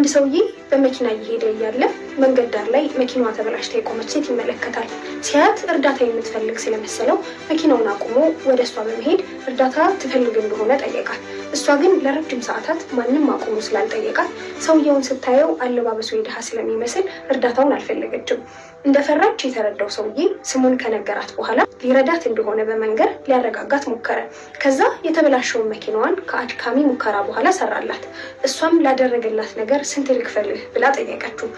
አንድ ሰውዬ በመኪና እየሄደ እያለ መንገድ ዳር ላይ መኪናዋ ተበላሽታ የቆመች ሴት ይመለከታል። ሲያት እርዳታ የምትፈልግ ስለመሰለው መኪናውን አቁሞ ወደ እሷ በመሄድ እርዳታ ትፈልግ እንደሆነ ጠየቃት። እሷ ግን ለረጅም ሰዓታት ማንም አቁሞ ስላልጠየቃት ሰውየውን ስታየው አለባበሱ የድሃ ስለሚመስል እርዳታውን አልፈለገችም። እንደፈራች የተረዳው ሰውዬ ስሙን ከነገራት በኋላ ሊረዳት እንደሆነ በመንገር ሊያረጋጋት ሞከረ። ከዛ የተበላሸውን መኪናዋን ከአድካሚ ሙከራ በኋላ ሰራላት። እሷም ላደረገላት ነገር ስንት ልክፈልህ ብላ ጠየቀችው።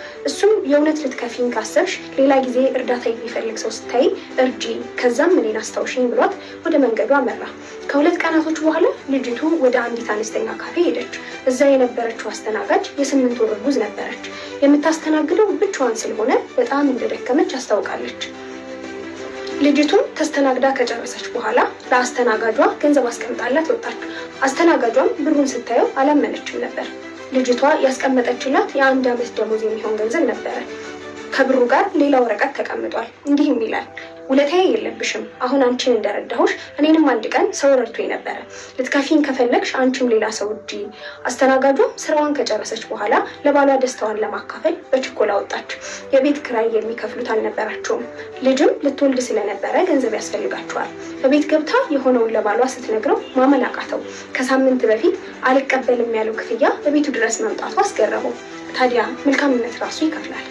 እሱም የእውነት ልትከፊኝ ካሰብሽ ሌላ ጊዜ እርዳታ የሚፈልግ ሰው ስታይ እርጂ፣ ከዛም እኔን አስታውሽኝ ብሏት ወደ መንገዱ አመራ። ከሁለት ቀናቶች በኋላ ልጅቱ ወደ አንዲት አነስተኛ ካፌ ሄደች። እዛ የነበረችው አስተናጋጅ የስምንት ወር እርጉዝ ነበረች። የምታስተናግደው ብቻዋን ስለሆነ በጣም እንደደከመች አስታውቃለች። ልጅቱን ተስተናግዳ ከጨረሰች በኋላ ለአስተናጋጇ ገንዘብ አስቀምጣላት ወጣች። አስተናጋጇም ብሩን ስታየው አላመነችም ነበር። ልጅቷ ያስቀመጠችላት የአንድ ዓመት ደሞዝ የሚሆን ገንዘብ ነበረ። ከብሩ ጋር ሌላ ወረቀት ተቀምጧል። እንዲህም ይላል ውለታዬ የለብሽም። አሁን አንቺን እንደረዳሁሽ እኔንም አንድ ቀን ሰው ረድቶ ነበረ። ልትከፊን ከፈለግሽ አንቺም ሌላ ሰው እጂ። አስተናጋጇም ስራዋን ከጨረሰች በኋላ ለባሏ ደስታዋን ለማካፈል በችኮላ ወጣች። የቤት ክራይ የሚከፍሉት አልነበራቸውም። ልጅም ልትወልድ ስለነበረ ገንዘብ ያስፈልጋቸዋል። በቤት ገብታ የሆነውን ለባሏ ስትነግረው ማመን አቃተው። ከሳምንት በፊት አልቀበልም ያለው ክፍያ በቤቱ ድረስ መምጣቱ አስገረመው። ታዲያ መልካምነት ራሱ ይከፍላል።